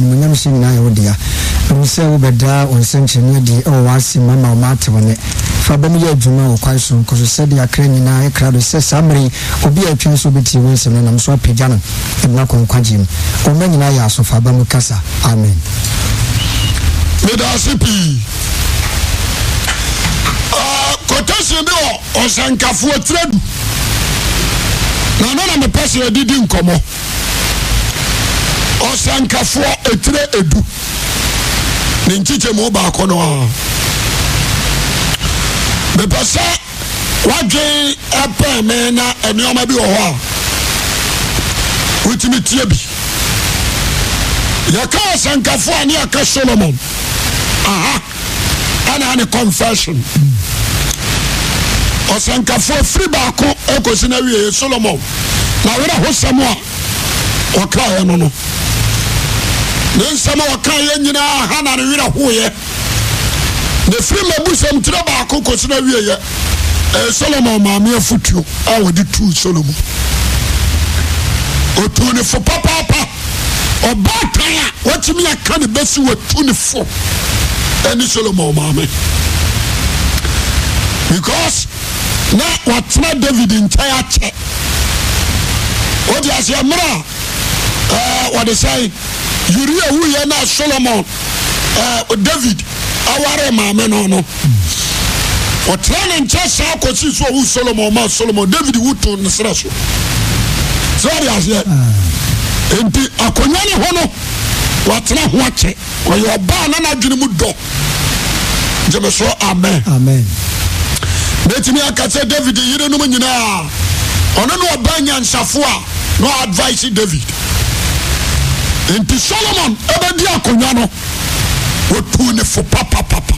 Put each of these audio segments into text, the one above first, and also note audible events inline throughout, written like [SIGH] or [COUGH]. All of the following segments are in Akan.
animonyam hyɛ nyinaa yɛ wo dea ɛmu sɛ wobɛdaa wo nsɛnkyerɛnneɛ deɛ ɛwɔ w'ase ma ma ɔma atew ne fa bɛmu yɛ adwuma wɔ kwan so nkɔso sɛdeɛ akra nyinaa ɛkra do sɛ saa mmere obi a atwa so wobɛtie wo nsɛm no nam so apagya no ɛmena kɔnkwagye mu ɔma nyinaa yɛ asɔfa ba mu kasa amen medaase pii kɔtɛsin ah, bi wɔ ɔsɛnkafoɔ tiradu na ɔno na mepɛ sɛ adidi nkɔmmɔ ɔsankafoɔ etire edu ne nkyikyɛmu baako no a bɛpɛ sɛ wadwe ɛpɛn me na nneɛma bi wɔ hɔ a wotumi tie bi yɛka ɔsankafoɔ a ne yɛka solomon aha ɛna ne confession ɔsankafoɔ firi baako ɛkɔsi na wieɛ solomon na werɛ ho sɛm a ɔkaeɛ no no ne nsɛm a wɔka yɛ nyinaa ha na ne werɛ hoeɛ na firi ma busɛm baako kɔsi no awieyɛ solomon maame afotuo a wɔde tuu solomon ɔtuu ne fo papaapa ɔbaa tan a wɔtumi aka ne bɛsi wɔtu ne fo ɛne solomon maame because na wɔtena david nkyɛn akyɛ wɔde aseɛ mmerɛ a wɔde sɛn uria wuyɛ na solomon eh, david aware maame no no ɔtena ne nkyɛ saa kɔsi so ɔwu solomon ma solomon david woto ne serɛ so sɛ wade aseɛ enti akonnwa ne ho no watena ho akyɛ ɔyɛ ɔbaa na n'adwene mu dɔ gyeme so amen mɛtumi aka sɛ david yerenom nyinaa ɔno ne ɔbaa nyansafo a na advice, david nti solomon ɛbɛdi akonnwa no wotu ne fo papapapa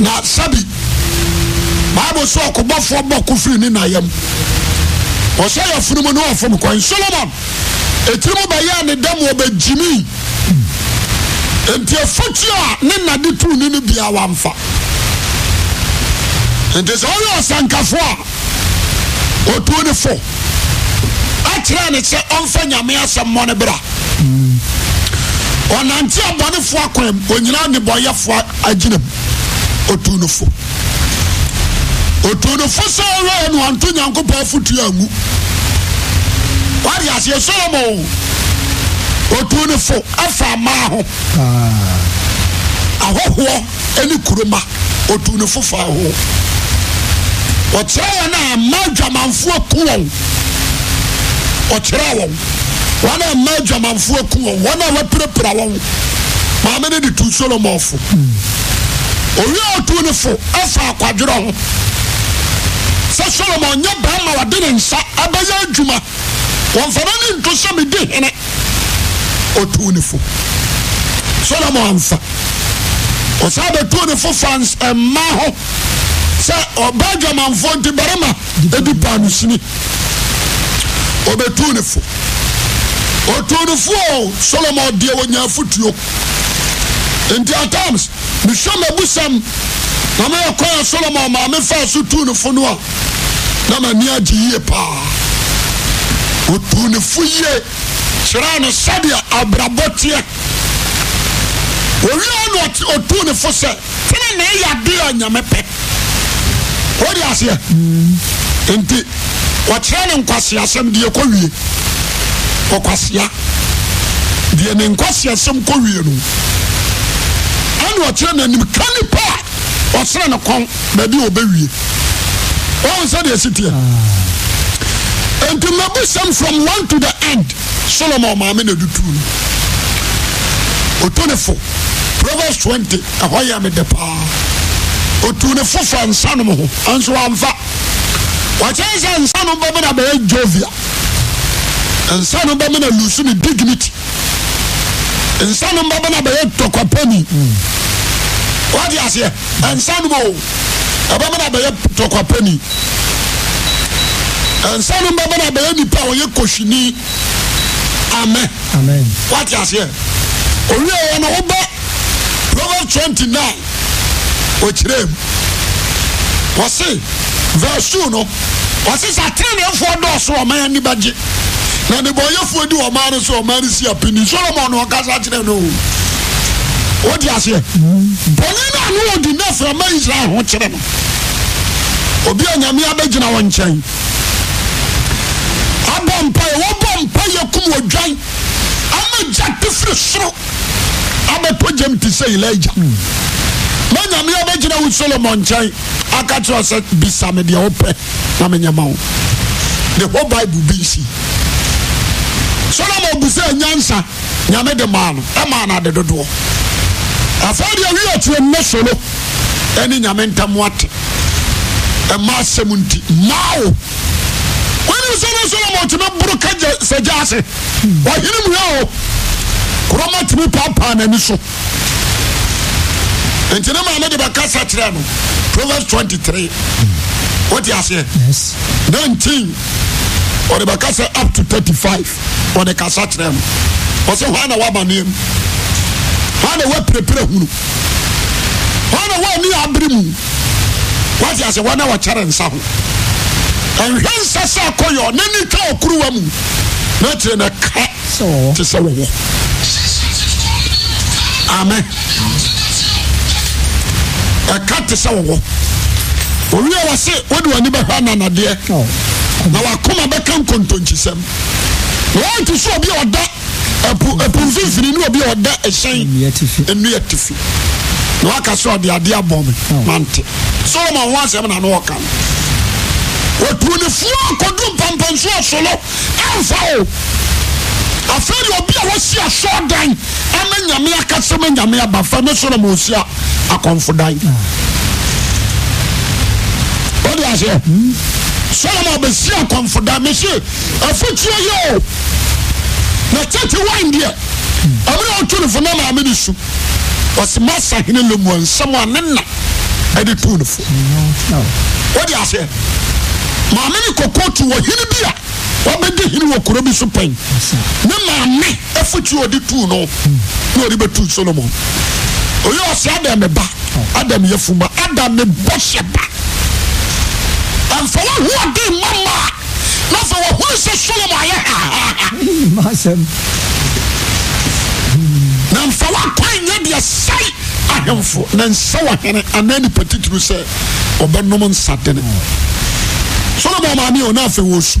na sabi bible sɛ ɔkobɔfoɔ bɔ ko firi ne nayam ɔsɛ yɛ funumu ne ɔfom kwan solomon ɛtiri mu bɛyɛɛ ne dɛm ɔbɛgyimii nti afotuo a ne nade tu ne no biaa wamfa nti sɛ woyɛ ɔsankafoɔ a ɔtuo ne fo akyerɛ ne sɛ ɔmfa nyame asɛm mmɔ bra ɔnante abɔnefoɔ akwan onyina nnebɔyɛfoɔ agyinam ɔtu no fo sɛ ɔwɛɛ no ɔnto nyankopɔn afotuo otu wade aseɛ solomo ɔtu afa maa ho ahɔhoɔ ne kuroma ɔtu otu fa ho ɔkyerɛ a ma adwamanfoɔ ku ɔkyerɛ wɔn wɔn a mma adwamanfoɔ ku wɔn wɔn a wɔapirapira wɔn maame ne de tu solomon fo owia otu ne fo afa akwadwerɛ ho sɛ solomon nyɛ barima wɔde ne nsa abɛyɛ adwuma wɔmfama ne nto sɛ mede hene otu ne fo solomon amfa ɔsan bɛtu ne fo fa mma ho sɛ ɔbaa adwamanfoɔ nti barima ebi paa sini ɔbɛtu ne fo ɔtu ne fo solomon deɛ wɔnya afutuo nti at times mehwɛ m'abusam na meyɛ kɔɛ solomon maame faa so tu ne fo no a na m'ani agye yie paa ɔtu ne fo yie kyerɛ no sɛdeɛ abrabɔ teɛ owia na ɔtu ne fo sɛ tene na ɛyɛ adeɛ a nyame pɛ wode aseɛ nti wɔkyerɛ ne nkwaseasɛm deɛ kɔ wie ɔkwasea deɛ ne nkwaseasɛm kɔ wie no ɛne ɔkyerɛ n'anim ka nipa a ɔsere ne kɔn baabi a ɔbɛwie ɔhu sɛdeɛ si teɛ enti mabusɛm from one to the end solomon maame na dutu no ɔtu ne fo proverbs 20 ɛhɔ yɛ mede paa ɔtu ne fo fa nsa nom ho nso amfa wɔkyerɛ sɛ nsa no bɛmi na bɛyɛ jovia nsa no bɛmi na lusu ne dignity nsa no bɛmi na bɛyɛ tɔkɔpɛni wɔde aseɛ nsa no bɛwo ɛbɛmi na bɛyɛ tɔkɔpɛni nsa no bɛmi na bɛyɛ nipa a wɔyɛ kɔhwini amɛ wɔde aseɛ owie wɔn no wɔbɛ proverb twenty nine wɔkyerɛ mu wɔsi. verse 2 no ɔse sɛ ateneneɛfoɔ dɔɔso ɔman ani bɛgye na nnebɔyɛfoɔ di ɔman no so ɔman no si apini solomon ɔkasa kyerɛ o di aseɛ bɔne no ano ɔdi na afra ma israel ho kyerɛ no obi a nyame abɛgyina wɔ nkyɛn abɔ mpaeɛ wɔbɔ mpaeɛ kum ama gya tefiri soro sɛ nyame abɛgyina nkyɛn aka kyerɛ sɛ bisa me deɛ wopɛ na menyɛ wo the whole bible bi nsi solomon busa nyansa nyame de maa no ɛmaa e no ade dodoɔ afei deɛ wi akyire nnɛ solo ɛne nyame ntam ate ɛma e asɛm nti maa wo wone sɛ ne solomon tumi boro ka sɛgya ase ɔhene mu yɛ o kurɔma tumi paapaa n'ani so nti ne maame de bɛka sa kyerɛ no proverbs 23 wote aseɛ 19 ɔde bɛka sɛ up to 35 ɔde kasa kyerɛ no ɔsɛ hɔ na woamanneɛ mu hɔ na woapirepire hunu hɔ na woani abere mu wote aseɛ wɔne wɔkyɛre nsa ho ɛnhwɛ nsa sɛ akɔyɛ ɔne ne twa ɔkuruwa mu na kyerɛ no ka te sɛ wɔwɔ amen ɛka te sɛ wɔwɔ owi a wɔse wode w'ani bɛhwɛ ananadeɛ na wakoma bɛka nkontonkyi na wɔnte so obi a ɔda ɛpo mfimfini ne obi a ɔda ɛhyɛn nnua tifi na waka sɛ ɔde adeɛ abɔ me mante solomon ho asɛm na ne wɔka no fuo akɔdu mpampanso asolo ɛmfa o afei de obi a wɔsi asɔɔdan akasɛm nyame aba fa ne soro ma osi a akɔmfodan wode aseɛ solomo bɛsi akɔmfodan mese afotuo yɛ o na tete wan deɛ ɔmene ɔto no fo na maame ne su ɔse masa hene lomu ansɛm a ne na ɛde to mm, no fo wode aseɛ maame ne kɔkɔɔtu wɔ hene bi a wabɛgye hene wɔ kuro bi so pɛn ne maame afotuo ɔde tuu no na ɔde bɛtuu solomon ɔyɛ ɔsɛ adam ba adam yɛ fuma adam ne bɔhyɛ ba ɛmfa woaho ɔde ma ma na fa wɔhunu sɛ solomon ayɛ hahaha na mfa woakwan nyɛ deɛ sɛe ahemfo na nsɛ wahene anaa nipa titiri sɛ ɔbɛnom nsadene solomon maame ɔna afei wɔ su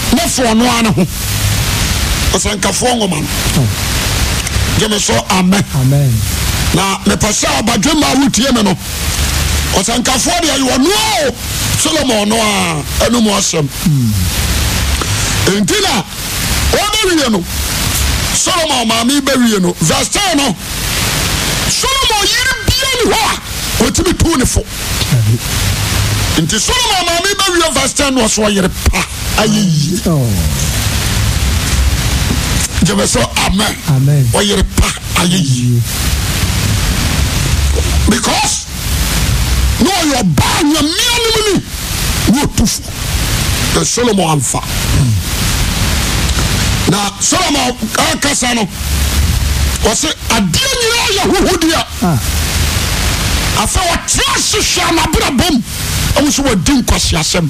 ne foɔ no ano ho ɔsankafoɔ nwoma no gyeme so Amen. na mepɛ sɛ abadwemma a wotie me no ɔsankafoɔ deɛ yɛwɔ no o solomon no a ɛnom asɛm enti hmm. na ɔbɛwie no solomon maame bɛwie no verse 10 no solomon yere bia ne hɔ a ɔtumi tu ne fo nti solomon maame bɛwie verse 10 no ɔso ɔyere pa ɛ sɛ amɛ ere a yɛyi because ne ɔyɛ ɔbaa nyamea nom ni wo ɔtu fo ɛ solomon amfa na solomon akɛsɛ no wɔ se ade nnyiraa yahohodia afai ɔkyrɛsehwɛ anaberabom mu so wadi nkɔse asɛm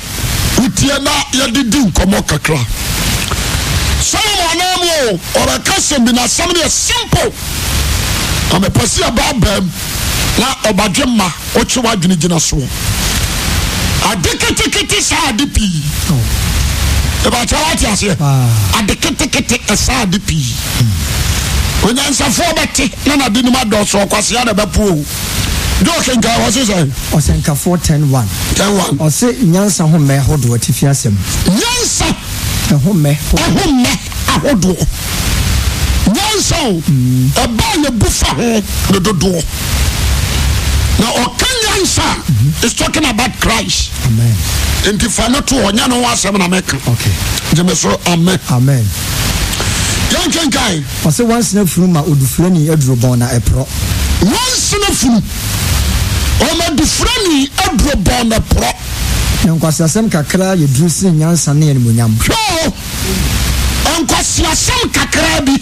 wotie na yɛde di nkɔmmɔ kakra solomon anaa mu o ɔbɛka sɛm bi na asɛm deɛ simple na mepɛ sɛ yɛbaa baa na ɔbadwe ma ɔkye w'adwene gyina soɔ ade ketekete saa ade pii ɛbɛkyɛ wate aseɛ ade ketekete ɛsaa ade pii onyansafoɔ bɛte na nade nom adɔɔso ɔkwasea na bɛpuo dɔɔke nka wɔsi sɛ. ɔsɛnkafoɔ ten one. ten one. ɔsi nyansa homɛ ahodoɔ ti fi asɛm. nyansa. ɛhomɛ. ɛhomɛ ahodoɔ. nyansa o. Mm. ɛbaa yɛ bu fa ho ne dodoɔ. na ɔka nyansa mm-hmm. is talking about christ. amen. nti fa ne to ɔnya ne ho na mɛka. okay. jɛmɛ so amen. amen. yɛn kɛnkɛn. ɔsi wansena funu ma odufure ni eduro bɔn na ɛporɔ. wansena funu. ɔmadufrani adurobɔɔneporɔ nnkɔseasɛm kakraa yɛduru se nyansaeaninyam ɛnkɔseasɛm kakraa bi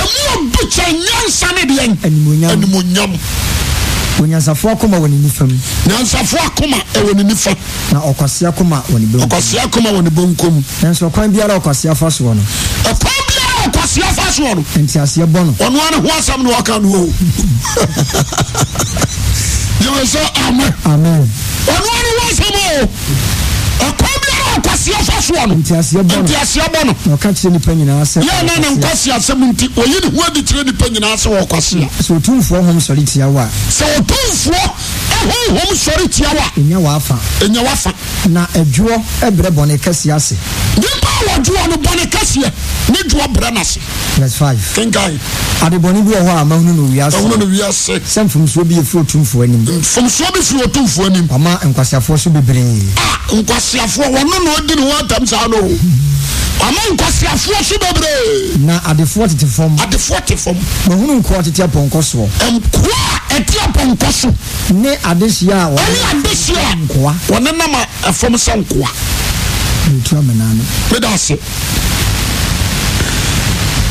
ɛmuɔdu kyɛ nnyansane biɛn onyansafoɔ koma wɔ nenifamɔn sea ma nso ɔkwan biara ɔkɔseafo soɔ no neɛbnɛkyɛyiaa na adwuɔ brɛbɔne ɛkɛseɛse aseɛ ne dua brɛ n'ase. verse five. kinkai. adebɔni bi wɔ hɔ a mahunu no wiase. mahunu no wiase. sɛ nfumsuo bi yɛ firi otumfuo anim. nfumsuo bi firi otumfuo anim. wama nkwasiafoɔ so bebree. a nkwasiafoɔ wɔn no na odi ne ho atam saa no. wama nkwasiafoɔ so bebree. na adefoɔ tete fam. adefoɔ tete fam. mahunu nkoa tete apɔnkɔ soɔ. nkoa ɛte apɔnkɔ so. ne adehyia a wɔn. ɛne adehyia nkoa. wɔn nenam ɛfam sɛ nkoa. ntura mena no. pedaase.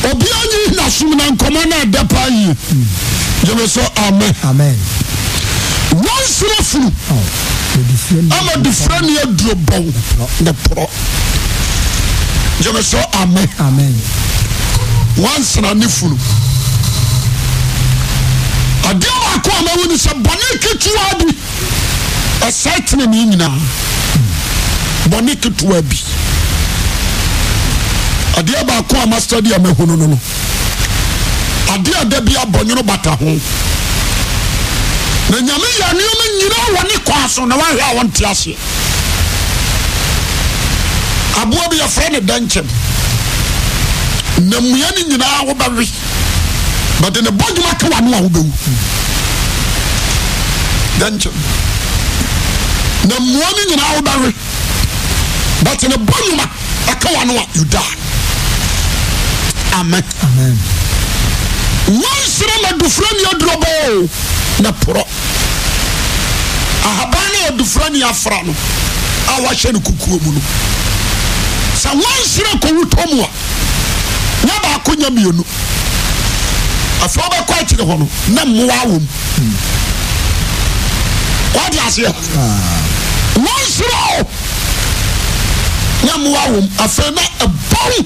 ɔbea nyi nasominankɔmɔ na adɛ pa ye yeme sɔ amɛan wɔnsina funu ama difrɛne adurobɔn ne porɔ gyeme so amɛan wansena ne funu adimaakoɔmawoni sɛ bɔne ketewa bi ɔsae tenene nyinaa bɔne ketuwa bi adeɛ baako a mastadi a mahunu no no adeɛ a da bi abɔnwono bata ho na nyame yɛ nneɛma nyinaa wɔ ne kɔn so na wahwɛ a wɔnte aseɛ aboa bi yɛfrɛ ne dɛnkyɛm na mmua no nyinaa wobɛwe bɛde ne bɔ dwuma ka wano a wobɛwu dɛnkyɛm na mmua no nyinaa wobɛwe bɛte ne bɔ dwuma ɛka wano a you die amen wansere ma dufura ni adurɔbɔ ne porɔ ahaban na ɔdufura ni afra no a wahyɛ no kukuo mu no sɛ wansere kɔwu tɔ mu a nyɛ baako nyɛ mmienu afei wobɛkɔ akyire hɔ no na mmoa wɔ mu wade aseɛ ah. wansere o na mmoa wɔ mu afei na ɛbɔn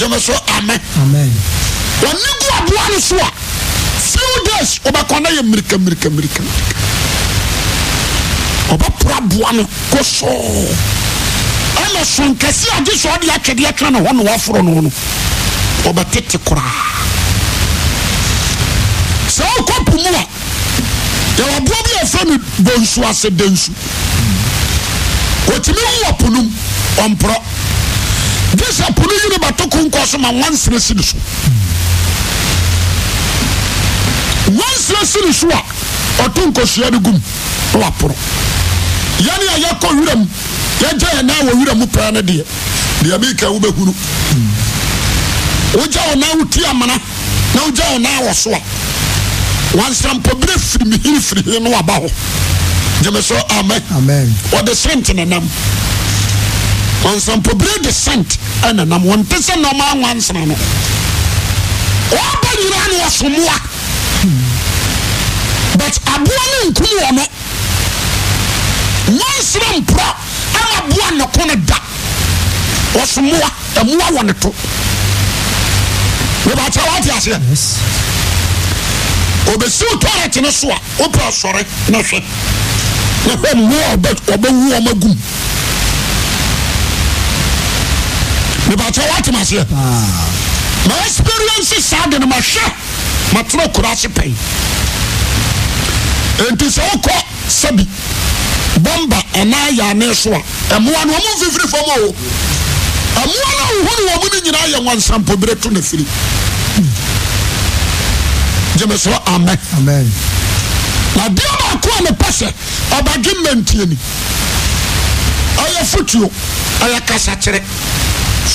jẹmẹ sọ amen. wọn ní kú aboa ni so a few days ọba kọ náà yẹ mìrìkà mìrìkà mìrìkà ọba pura aboa ni kó sọ ẹnna sùn kẹsí àti sọ ọdí atwẹdí atwẹdí ni wọn wà fúrọ nínú ọba tètè kura sọ ọkọ pùmù a yàrá aboa bi yà fẹ mi bọ nsu ase dẹ nsu wọ́n ti mi wọ́pọ̀ nù ọ̀npọ̀rọ̀. ɛsɛ sɛ so ma wansere si so wansere si so a ɔto gum a yɛ wɔ mu pɛɛ deɛ deɛ amana na wɔ so a firi no hɔ amen ɔde nenam wansampabere de sent ɛna nam wɔn mpɛ sɛ nɔɔma anwansana no wɔabɔ nyinaa ne wɔsomoa but aboa ne nkum wɔ no nwansana mpura ama boa ne ko ne da wɔsomoa ɛmoa wɔ ne to wɔbɛkyɛ wɔate aseɛ obesiw tɔɔrɛte no so a wopɛ asɔre na hwɛ na hwɛ mmoa ɔbɛwu ɔma gum bɛkyɛ wɔatimseɛ ah. ma experiense sa de ne mahwɛ matorɔkurase pɛi enti sɛ wokɔ sabi bɔmba ɛna yɛ ane so a ɛmoa no ɔmomfifirifmo moano wuho ne wɔmno nyinaa yɛwansampɔbirɛ to nafiri gyemesoɔ amɛn nadeɛmaakoane pɛ sɛ abadwennantieni ayɛ fotuo ayɛ kasakyerɛ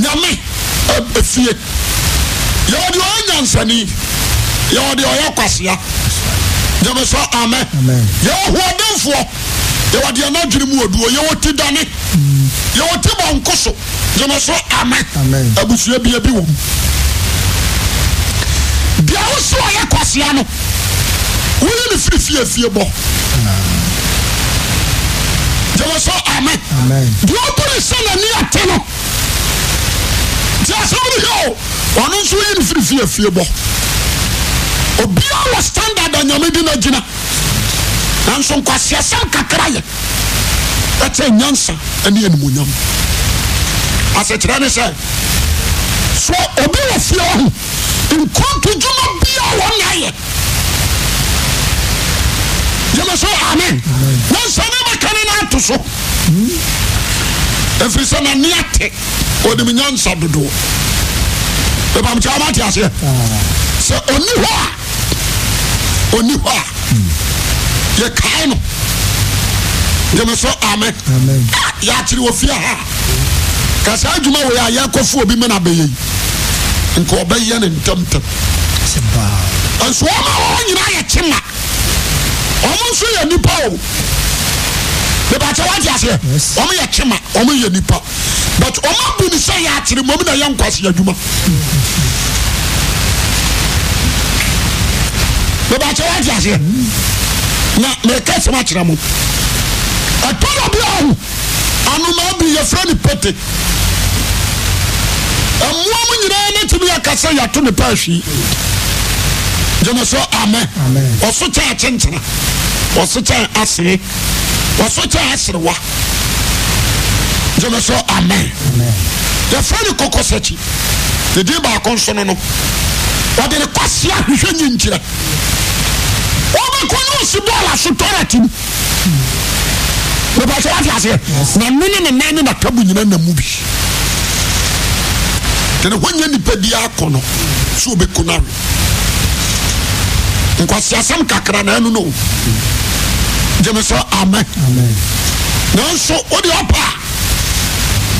nyame efie yɛwɔ deɛ ɔyɛ nyansani yɛwɔ deɛ ɔyɛ kwasia nyame sɔ amen yɛwɔ hoɔdenfoɔ yɛwɔ deɛ n'adwene mu oduo yɛwɔ ti dane yɛwɔ ti bɔ so nyame sɔ amen abusua bia bi wɔ mu deɛ ɔyɛ kwasia no wɔyɛ ne firi fie fie bɔ nyame sɔ amen deɛ ɔbɔ ne sɛ n'ani. mfi efie bɔ obiara wɔ standard a nyame di n'agyina nanso nkwasiasɛm kakra yɛ ɛkyɛ nyansa ɛne animonyam asekyerɛ ne sɛ so obi wɔ fie hɔ nkonto dwuma biara wɔn ayɛ yɛmɛ so amen nansa ne bɛka ne n'ato so ɛfiri sɛ n'ani ate onim nyansa dodoɔ ìbámukyɛ ɔmá ti aseɛ sɛ oni hɔ a oni hɔ a yɛ kae no dèmí sọ amẹ yà á tiri ha kàsá adwuma wò yà á yà obi mẹ́nà abẹ́yẹ yìí nkà ọbẹ̀ yẹ ne ntẹ̀mtẹ̀m nso ọmọ wọn nyinaa yẹ kye ma ọmọ nso yẹ nipa o bẹbàtà wà á ti àṣẹ ọmọ yẹ kye ma ọmọ nipa but ọmọ bu ni sẹ yẹ akyere mọ mi na yẹ nkwasi adwuma. bàbá àkyẹwò àti àṣẹ na mẹka ẹsẹ ma akyerẹ mu ẹtọdọ bi ahu anuma bi yẹ fẹ ni pete ẹmuwa mu nyinaa ne ti mi akasa yàtọ ne paasi jẹmọ sọ amẹ ọsọ kyẹ akyẹnkyẹn ọsọ kyẹ asere ọsọ kyẹ aserewa jẹmọ sọ. yɛfrɛ ne kɔɔ sɛki ei baako sono no denekea hwewɛyi nkyiraaa nyina nam i dene hɔnya nipadi akɔ no sɛ obɛkunam nkaseasɛm kakranaanu n yem sɛ amɛasowoeɔ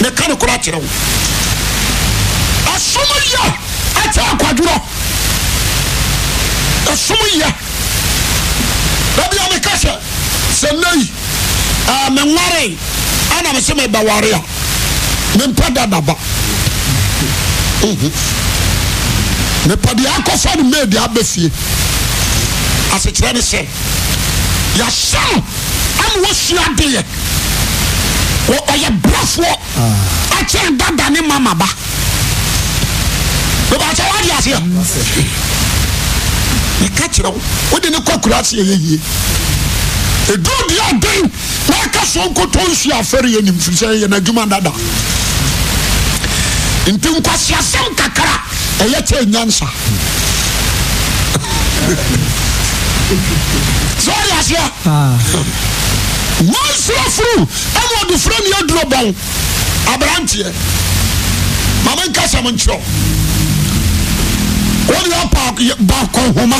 meka no korɔakyerɛwo asom yɛ atɛ akwadwurɔ ɛsom yɛ bɛdeɛ me ka hyɛ sɛ nnei a menware anam se mebaware a mempɛ da daba mepɛde ɛ akɔsa ne mmeɛ de abɛ sie asekyerɛ ne sɛ yasan amuwa suadeyɛ ɔyɛ brɔfoɔ ɛkyɛn ah. dada ne mama ba bàbá kyɛ wadi aseɛ yìí kyerɛ wo o de ne kɔ kura aseɛ yɛ yie eduro di adan na aka so nkoto nsu afɛre yɛ nim firisɛ yɛ na adwuma dada nti nkwasiasɛm kakra ɛyɛ kyɛ nyansa [LAUGHS] sɛ ɔdi aseɛ. wansuafuru ɛna ɔdufura ni aduro bɔn aberanteɛ maame nkasa mu nkyerɛ wɔn yɛ baako baako nhoma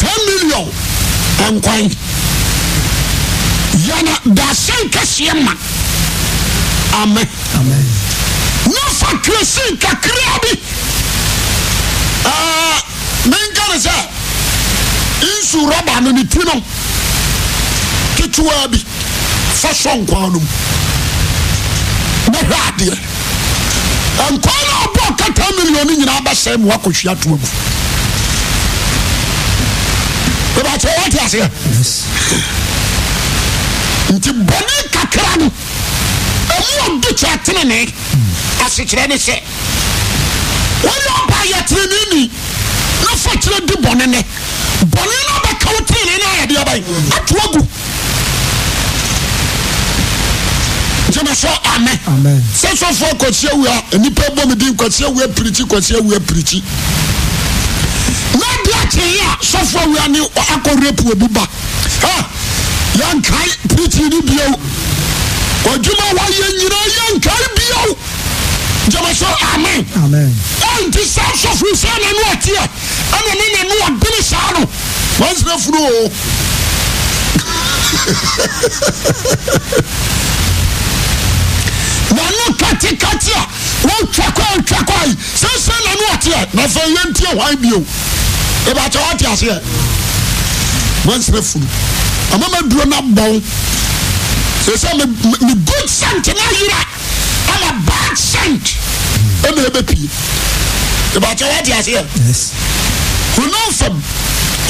ten million nkwan yana daasɛn kɛseɛ ma amen n'afa kiresi kakraa bi ɛɛ ne nka ne sɛ. su rɔba no ne ti no ketewa bi fa sɔ nkwan no mu bɛhwɛ adeɛ nkwan no ɔbɔ kata milioni nyinaa bɛsɛe mu wakɔhwia toa mu bɛbɛkyɛ wɔte aseɛ nti bɔne kakra no ɛmu ɔdo kyɛ tenene hmm. asekyerɛ ne sɛ wɔyɛ ɔba yɛ tenene ni na fa kyerɛ di bɔne ne bɔnne no bɛka wo tene ne ayɛde abae ato agu gyeme sɛ ame sɛ sɔfoɔ kwasi awua nnipa bɔ me din kwasi awua pirikyi kwasi awua pirikyi na ade akyee a sɔfoɔ awua ne akɔ rapu obi ba yɛnkae pirikyi ne bio ɔdwuma wayɛ nyinaa yɛnkae bio gyeme sɛ ame ɛnti saa sɔfo sɛ na no ɔteɛ ɛna ne nyɛ no ɔdene saa no wansena funu o nanu katikati a wɔntwakɔ ntwakɔ yi sɛnsɛn nanu ɔteɛ na fɛ yɛn ntiɛ hwan bio ebaatɛ ɔte aseɛ wansena funu amama duro na bɔn sɛsɛ me me good scent na yira ama bad scent ɛna ebepie ebaatɛ ɔte aseɛ. Renounce them.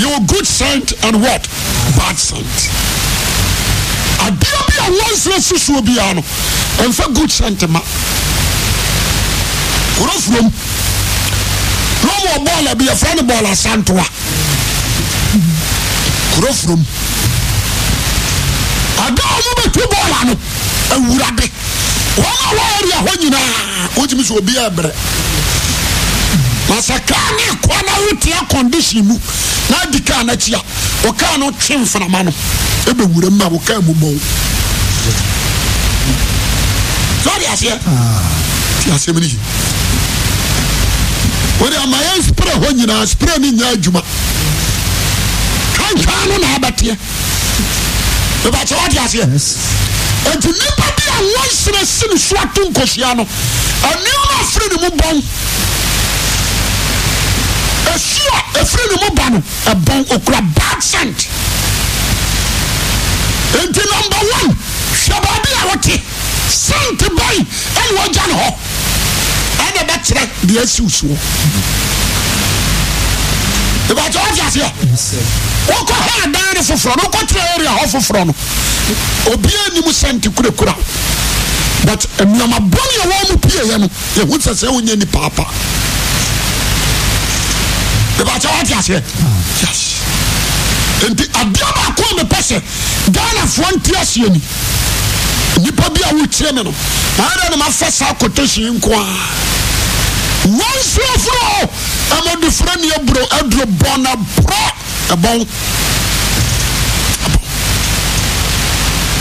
Your good scent and what? Bad scent. Adeɛ bi a wɔnsere susuo biara no, ɛnfa good scent ma. Kuro fuom. Kurom wɔ bɔɔl ɛbi yɛfrɛ no bɔɔl asantoa. Kuro fuom. Ada a wɔn bɛtu bɔɔl ano, awurade. Wɔn a wɔyɛ ɛri ɛhɔ nyinaa, wɔn ti mi sɛ obi ɛbrɛ. na sɛ kaa ne ɛkoa na wotia condition mu na adi kaa no akyi a wo kaa no twe mframa no ɛbɛwura mu a wo kaa mu bɔwo sɔde aseɛ ti asɛm no yi wode ama yɛ sprɛ hɔ nyinaa sprɛ no nyɛ adwuma twankwaa no na abɛteɛ mebakyɛ wode aseɛ nti nipa bi a wɔn sena si ne so ato nkosua no afiri ne mu bɔn asua fine bao ɔabad sent nti num o hwɛaai a wote sent bɔ ɛneɔgyane hɔ ɛdɛ bɛkyerɛ deasiw suɔaeɛwaeooɔwaeahɔfoforɔ no obia nnim sent kurɛkura but mnuamawɔmupieɛ no yɛhosɛ sɛ wonyɛni paapa ìbàtí àwọn ti àṣẹ yes nti adeɛ baako a mepɛ sɛ ghanafoɔ nte aseɛ ni nnipa bi a wokyerɛ me no naadɛ ne mafa saa kɔtɛhyii nko a wɔnsuaforo amadufra ne aburo aduro bɔn na borɔ ɛbɔn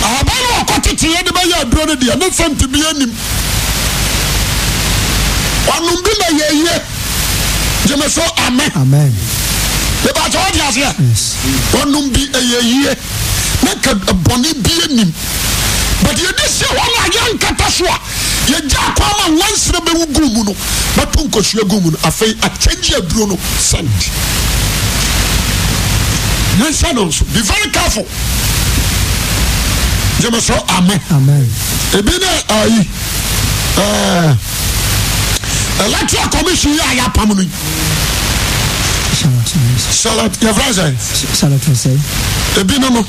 aba no ɔkɔteteeɛ de bɛyɛ aduro no deɛ ne fɛnte bi anim ɔnom bi na yɛyɛ ɛbade aseɛ ɔnom bi ɛyɛyie ne nkɛ bɔne bia nim but yɛde sie hɔne ayɛnkata soa yɛgya akoama nwanserɛ bɛwu gu mu no bɛto nkɔsua gu mu no afei atwayi aburo no snd enɛoso b v ca yemso amɛ bine i electoral commission yɛ a yɛapam no yi salat yɛfrɛ sɛ salat sɛ ebi no no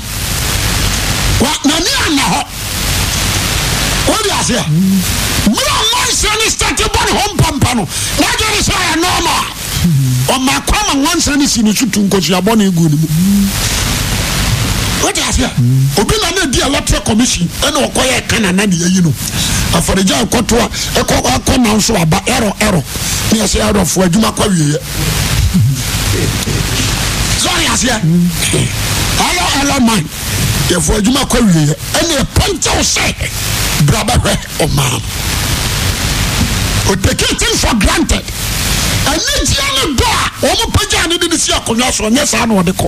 wa nani anna hɔ wode aseɛ mmerɛ a mɔnsɛ ne state bɔne hɔ mpampa no na agye ne sɛ ɔyɛ nɔɔma a ɔma kwa ma wɔnsɛ ne si ne so tu nkɔsuabɔne ɛgu ne mu mm. wode aseɛ mm. obi na na di electoral commission ɛne ɔkɔyɛ ka nana ne yɛyi no afɔregya akɔtoa ɛkɔ akɔ nam so aba ɛrɔ ɛrɔ ne yɛsɛ ɛrɔfo adwuma kɔ wieɛ sɔre aseɛ ɛlɔ ɛlɔ man yɛfo adwuma kɔ wieɛ ɛne ɛpɛntɛw sɛ brabɛhwɛ ɔmaa otaketin for granted anigyeɛ ne dɔ a wɔmopagyaa ne de ne si akonnwa so ɔnyɛ saa na ɔde kɔ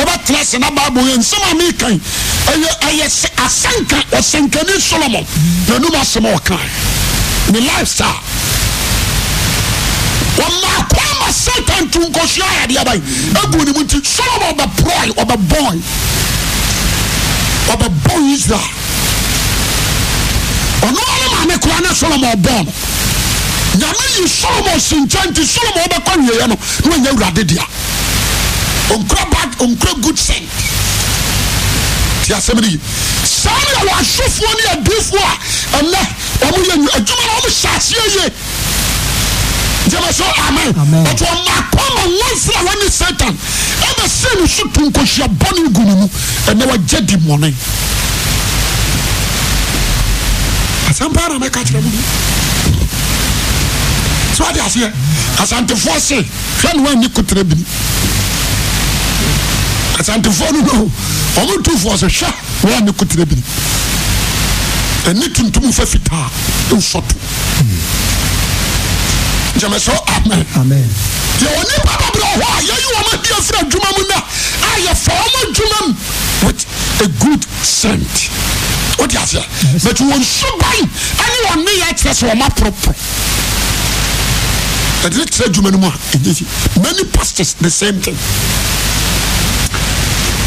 ɔbɛtena ase na bible yɛ nsɛm a mekan ɛyɛ ɛyɛ sɛ asɛnka ɔsɛnkani solomon nanum asɛm a ɔkae ne lifestyle wɔmaa kwan ma satan tu nkɔsua ayadeɛ abae agu ne mu nti solomon ɔbɛporɔe ɔbɛbɔe ɔbɛbɔe israel ɔno ɔno maame koraa ne solomon ɔbɔɔ no nyame yi solomon si nkyɛn nti solomon wobɛkɔ nwieɛ no na ɔnyɛ awurade dea onkura bad onkura good thing ti asɛm ni saa na wɔ asofoɔ ne adiifoɔ a ɛnɛ wɔn yɛ adwuma na wɔn hyɛ aseɛ yie jẹba sọ amen ọtọ ọmọ akọọmọ wọn fúnra wọn ni satan ẹ bẹ sẹ ní sùtù nkòsíà bọni gùnù mu ẹnẹ wọn jẹ di mọni. asampa ara mẹka kyerẹ mu bi sọ di aseɛ asantefoɔ se fẹni wọn ni kutere bi mu. asantefoɔ ah, no no ɔmotufoɔ sɛ hwɛ wɔa ne kotena bini ɛne tuntum fa fitaa nsɔ to amen yɛwɔ nipa babrɛ hɔ a yɛyi wɔn adi afiri adwuma mu na a yɛfa wɔn adwuma mu with a good scent Tu aseɛ but wɔn suban ɛne wɔn ne yɛ kyerɛ sɛ ne kyerɛ adwuma no mu a many pastors the same thing.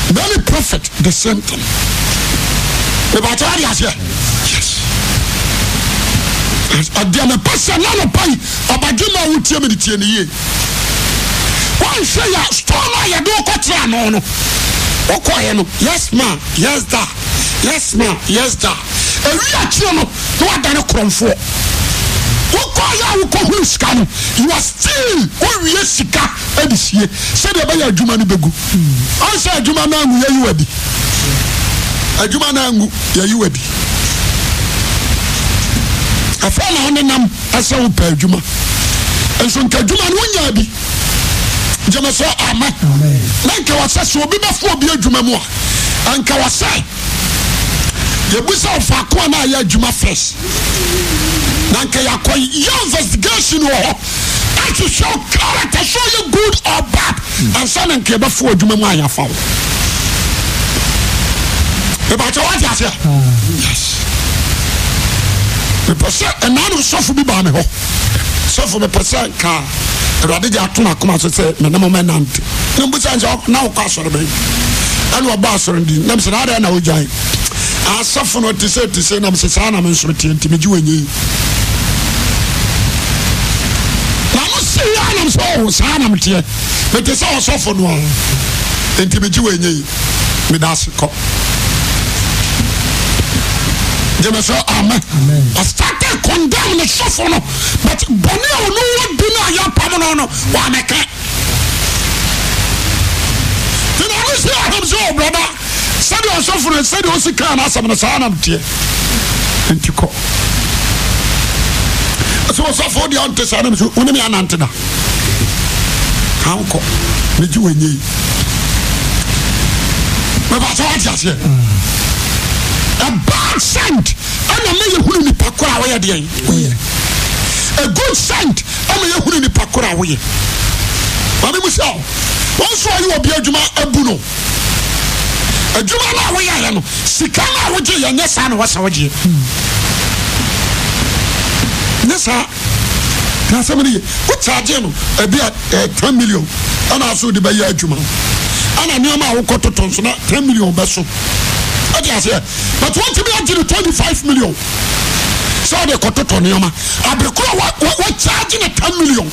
many prophet the same thing ìbàtà wà di aseɛ yes ɛdiɛ na pɛsɛ nanu pai ɔbàdì mu awo tiɛ mi di tiɛ niyie wọn hwɛ yà stone a yɛde ɔkɔ tẹ àná no ɔkɔ yɛ no yes ma yes da yes ma yes da ewi akyire no ni wà dání kurɔnfoɔ kwaeɛ a wokɔhunu sika no you are still wowie sika adi sie sɛdeɛ ɛbɛyɛ adwuma no bɛgu ɔn sɛ adwuma no angu yɛyi wadi adwuma eh, no angu yɛyi wadi afei na ɔne nam asɛ wo oh, pɛ adwuma nso nka adwuma no wonyaa bi gyeme sɛ ama na nka wɔsɛ sɛ obi bɛfo obi adwuma mu a anka wɔsɛ yɛbu sɛ ɔfaako a na ayɛ adwuma first na nka yɛakɔ yɛ investigation wɔ hɔ ati sɛ o character sɛ yɛ good or bad hmm. ansa na nka yɛbɛfo adwuma mu a yɛafa wo ɛbɛkyɛ woate aseɛ hmm. yes mepɛ sɛ ɛnaa ne sɔfo bi baa me hɔ sɔfo mepɛ sɛ nka awurade de ato no akoma so sɛ mene mo mɛnante na mbusa nkyɛ na wokɔ asɔre bɛn ɛne ɔba asɔre di nam sɛ naadɛ na wogyae asɔfo no te sɛ te sɛ nam sɛ saa na mensoro tiɛ wonam sɛ ɔwo saa namteɛ mete sɛ ɔsɔfo no a enti megye wɔ ɛnyɛ yi meda ase kɔ gyeme sɛ ama ɔstate condemn ne sɔfo no but bɔne a ɔno wɔ bi no a yɛpam no no wɔamɛka nti na ɔno sɛ aham sɛ ɔbrɔda sɛdeɛ ɔsɔfo no sɛdeɛ ɔsi kaa no asɛm no saa namteɛ enti kɔ sɛ ɔsɔfo deɛ ɔnte saa nam so wonem yɛ anante da ankɔ megye wɔnyɛ yi mɛbasɛ wate aseɛ hmm. a bad scent ɛna ma yɛhunu nipa koro a woyɛ deɛ woyɛ a good scent ama yɛhunu nipa koro a woyɛ mame mu sɛ wɔn so ayɛ ɔbia adwuma abu no adwuma no a woyɛyɛ no sika no a wogye yɛnyɛ saa na wɔsa wogyeɛ hmm. nyɛ saa ka asɛm no ye wokyagye no ebi a eh, ten million ɛna aso de bɛyɛ adwuma ɛna nneɛma a wokɔ toto nso na ten million bɛso ɛde aseɛ but wontumi agye no twenty five million sɛ wode kɔtotɔ nneɛma aberekoro a wakyagye no ten million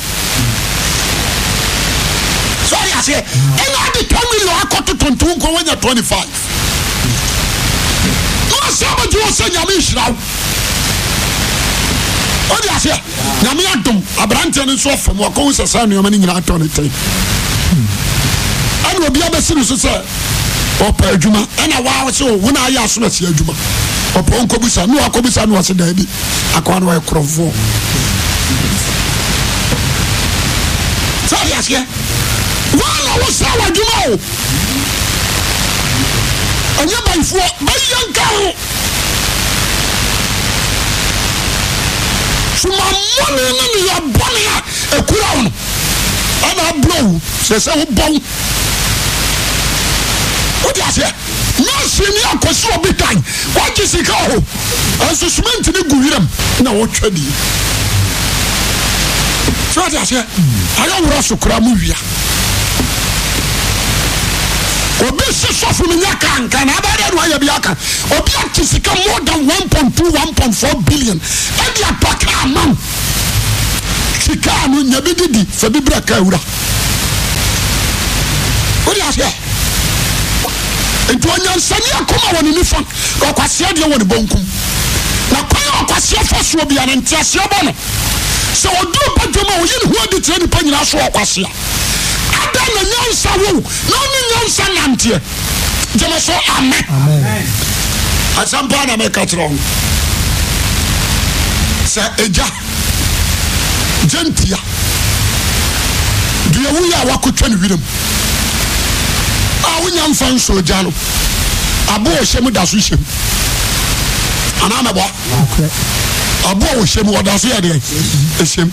sɛ ɔde aseɛ ɛna ade ten million akɔtotɔ nto nkɔ wanya twenty five na wasɛ abɛgye wɔ sɛ nyame nhyira wo ɔdi aseɛ nyame adum aberanteɛ ni nso afam wakɔn sɛ saa nneɛma ni nyinaa tɔ ne tɛn ɛna obi abɛsi ne so sɛ ɔpɛ adwuma ɛna waa sɛ o wɔn a ayɛ aso na si adwuma ɔpɛ nkɔbusa ne wakɔbusa ne wase daabi akɔwa no wɔyɛ korɔfoɔ sɛ ɔdi aseɛ wɔn a wɔsa wɔ adwuma o ɛnyɛ bayifoɔ bayi yɛn ka ho. soma mmɔne ni ya bɔne a ɛkura wo no ɛna abrɛ wo sɛ sɛ wobɔ wo wode aseɛ ni akɔsi obi kan wagye sika ho ɛnso cement ni gu wiram na wɔtwa die sɛ di aseɛ ayɛ worɔ so kora mu wia obi si sɔfo mi nya ka nka na abaade no ayɛ bi aka obi ati sika more than one point two one point four billion ɛdi atɔ kaa mam sika no nya bi didi fɛ bi bira kaa o de aseɛ nti onyansani akoma wɔ ne nifa ɔkwaseɛ deɛ wɔ ne bonkum na kwan ɔkwaseɛ fa soɔ o no nteaseɛ bɔ no sɛ ɔduru badwam a ɔyi ne ho adi kyerɛ nipa nyinaa so ɔkwaseɛ ada na nyansa wo na ɔne nyansa nanteɛ gyeme so amen asɛmpa na mɛka kyerɛ ho sɛ ɛgya gyentia deɛ woyɛ a wakotwa ne wiram a wonya mfa nso gya no abo a ɔhyɛ mu da so hyɛ mu anaa mɛboa abo a ɔhyɛ mu ɔda so yɛ deɛ ɛhyɛ mu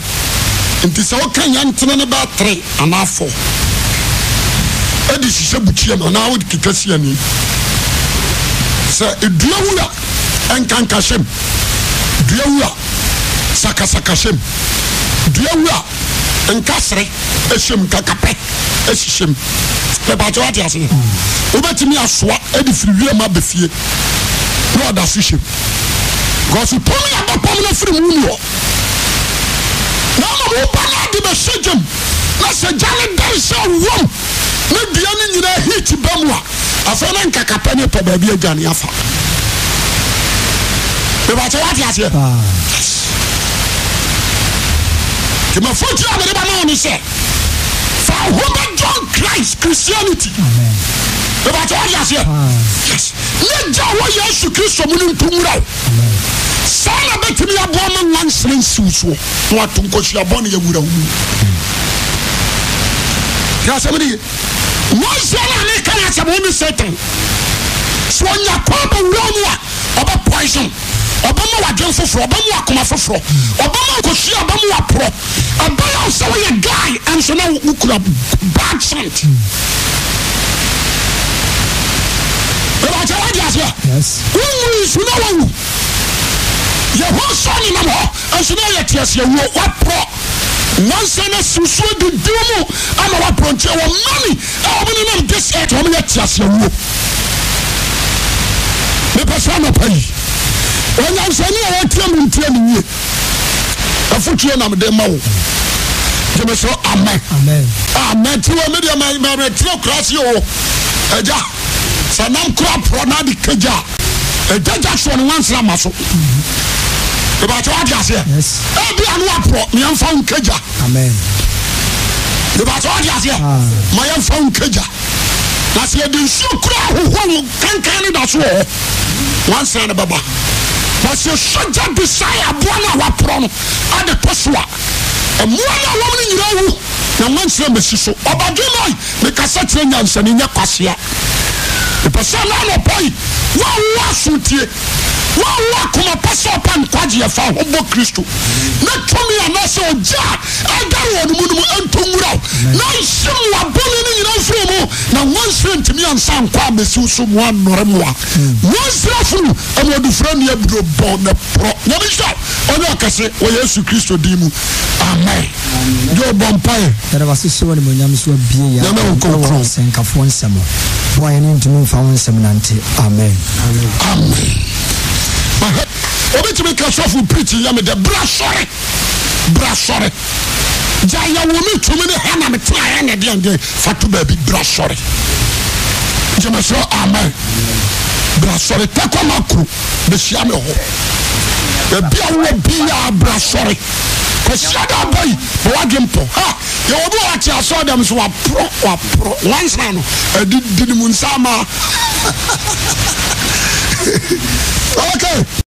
nti sɛ woka nyɛ ne bɛtere anaa fɔ ɛde hyehyɛ bukyia mu anaa wode keka si ani sɛ dua wura ɛnkanka hyɛm dua wura sakasaka hyɛm dua wura nkasere ɛhyɛm kakapɛ ɛhyehyɛm pɛpɛtɛ wate ase wobɛtumi asoa ɛde firi wie ma bɛfie na ɔda so hyɛm gɔsi pɔmi abapɔm na firi mu nuɔ na ama mo ba na ade bɛhyɛ gyam na sɛ gya ne dan sɛ wɔm ne dua no nyinaa hit ba a afei ne nkakapa ne pɛ baabi adwane afa mebakyɛ woate aseɛ ah. nti mafoti a mede bama wo ne sɛ fa homa john christ christianity mebakyɛ woate aseɛ ah. ne gya wɔ yesu kristo mu no nto nwura saa na bɛtumi aboa ma nwansere nsiw soɔ na wato nkɔhyiabɔ ne yɛwura wo mu tí a sẹ́mi nìyí wọ́n ṣe ẹ́ ní ká yà sẹ́mi omi satan sọ ọ̀nyà kọ́ ọ̀bẹ wúlọ́ a ọ̀bẹ poison ọ̀bẹ mu wà dùn foforọ ọ̀bẹ mu wà kọ́mà foforọ ọ̀bẹ mu àkọ́sí ọ̀bẹ mu wà pọ̀rọ̀ ọ̀bẹ yà ọ̀sẹ̀ wọ́n yẹ guy ẹ̀nso náà wọ́n kura bad scent. ìwà àti ẹwà di ase a wọ́n mu ìsú náà wọ́n wù yẹ̀ wọ́n sọ wansa na susuo didi mu ama wapɔnkye wɔ mami a wɔn nenam desert wɔn yɛ teaseawuo nipa sɛ anapa yi onyansani a wɔtia mu ntia ne yie afotuo nam de ma wo gyeme sɛ amen amen ti wɔ media mɛmɛtiri kura se wɔ agya sɛ nam kura porɔ na de kagya a agya gya soɔ no wansana ma so ìbàtí wà á di aseɛ ebi anu apɔ mìíràn fa nkegya ìbàtí wà á di aseɛ mìíràn fa nkegya lasi ɛdi nsuo kura ahuhu kankan ni daso wɔ hɔ wansan ne bɛba lasi sɔgya bisai aboa na wapɔrɔ no adi to so a ɛmoa na wɔn ni nyinaa wu na wansan besi so ɔbɛdunmɔ yi mikasa kyerɛ nyansani nyɛ kwasia ìpèsè náà lọ pọ̀ yìí wọ́n wọ́n asuntie. wowɔ akoma pɛ sɛ ɔpa nkwagyeɛ fa ho bɔ kristo na tumi anaasɛ ɔgya a ɛda wɔ no mu no mu ɛntɔ nwura wo na nhyem wabɔne no nyina mfiri mu na wansrɛ ntumi ansa nkɔ a bɛsiw so mu anɔre mu a wansrɛ furu ɛmɔdefra ne aburo bɔ ne porɔ nyame hyɛ ɔne ɔkɛse wɔ yesu kristo din mu amen deɛ ɔbɔ mpae nyame wokɔkorɔ amen amen obɛ tumi kɛ sufo pretiyɛme dɛ brasɔre brasɔre gya yɛwome tomne hanaeteɛ f ba rasɔre gyemɛsɛ ama rasɔreɛo ɛsiahɔiɔia rasɔre idaɔamnn ok.